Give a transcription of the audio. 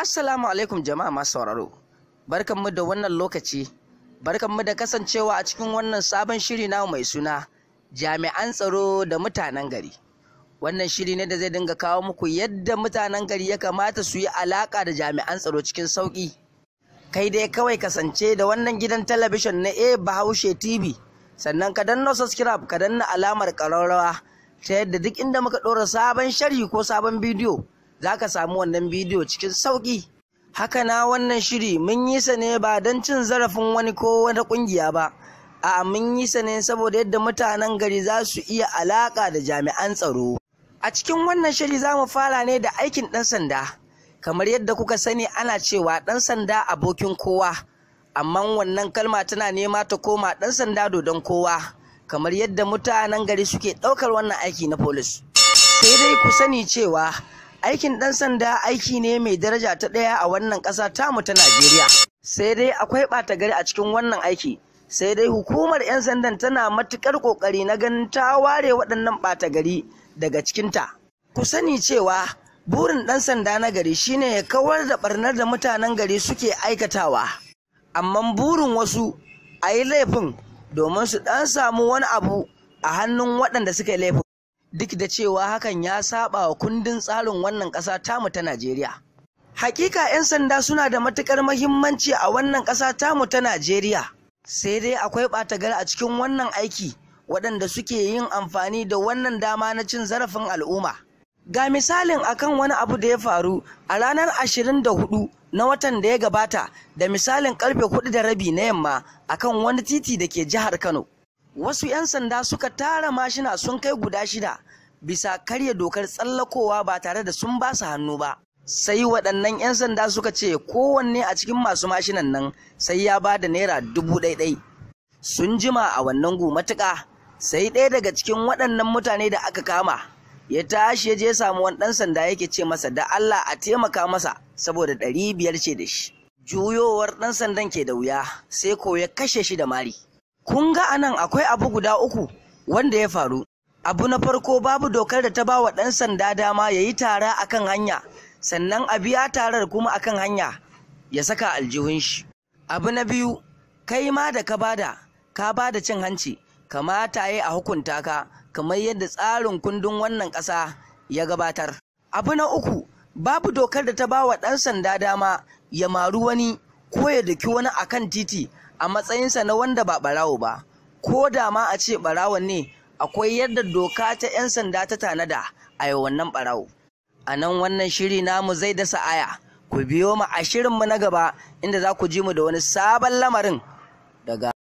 Assalamu alaikum jama'a masu sauraro. Barkanmu da wannan lokaci. Barkanmu da kasancewa a cikin wannan sabon shiri na mai suna Jami'an tsaro da mutanen gari. Wannan shiri ne da zai dinga kawo muku yadda mutanen gari ya kamata su yi alaka da jami'an tsaro cikin sauƙi. Kai dai kawai kasance da wannan gidan talabijin na A Bahaushe TV. Sannan ka danna subscribe ka danna alamar ƙararrawa ta yadda duk inda muka ɗora sabon sharhi ko sabon bidiyo za ka samu wannan bidiyo cikin sauƙi. Haka na wannan shiri mun yi sa ne ba don cin zarafin wani ko wata ƙungiya ba, a mun yi sa ne saboda yadda mutanen gari za su iya alaƙa da jami'an tsaro. A cikin wannan shiri za mu fara ne da aikin ɗan sanda. Kamar yadda kuka sani ana cewa ɗan sanda abokin kowa, amma wannan kalma tana nema ta koma ɗan sanda dodon kowa, kamar yadda mutanen gari suke ɗaukar wannan aiki na folis. Sai dai ku sani cewa aikin ɗan sanda aiki ne mai daraja ta ɗaya a wannan ƙasa tamu ta najeriya sai dai akwai ɓata gari a cikin wannan aiki sai dai hukumar 'yan sandan tana matuƙar ƙoƙari na ganin ta ware waɗannan ɓata gari daga cikinta ku sani cewa burin ɗan sanda na gari shine ya kawar da ɓarnar da mutanen gari suke aikatawa amma burin wasu a yi laifin domin su ɗan samu wani abu a hannun waɗanda suka yi laifin duk da cewa hakan ya saba wa kundin tsarin wannan ƙasa tamu ta Najeriya. Hakika 'yan sanda suna da matukar mahimmanci a wannan ƙasa tamu ta Najeriya. Sai dai akwai ɓatagar a cikin wannan aiki waɗanda suke yin amfani da wannan dama na cin zarafin al'umma. Ga misalin akan wani abu da ya faru a ranar 24 na watan da ya gabata da misalin karfe 4 da rabi na yamma akan wani titi da ke jihar Kano. wasu 'yan sanda suka tara mashina sun kai guda shida bisa karya dokar tsallakowa ba tare da sun basu hannu ba sai waɗannan 'yan sanda suka ce kowanne a cikin masu mashinan nan sai ya ba da naira dubu ɗaiɗai sun jima a wannan gumatuka sai ɗaya daga cikin waɗannan mutane da aka kama ya tashi ya je samu wani ɗan sanda yake ce masa da Allah a taimaka masa saboda ɗari biyar ce da shi juyowar ɗan sandan ke da wuya sai ko ya kashe shi da mari kun ga anan akwai abu guda uku wanda ya faru abu na farko babu dokar da ta ba wa ɗan sanda dama ya yi tara a kan hanya sannan a biya tarar kuma a kan hanya ya saka aljihun shi abu na biyu kai ma da ka bada ka bada cin hanci kamata ya a hukunta ka kamar yadda tsarin kundin wannan ƙasa ya gabatar abu na uku babu dokar da ta ba wa ɗan sanda dama ya maru wani ko ya daki wani akan titi a matsayinsa na wanda ba ɓarawo ba ko da ma a ce ɓarawon ne akwai yadda doka ta 'yan sanda ta tanada a yi wannan ɓarawo a nan wannan shiri namu zai dasa aya ku biyo mu a mu na gaba inda za ku ji mu da wani sabon lamarin daga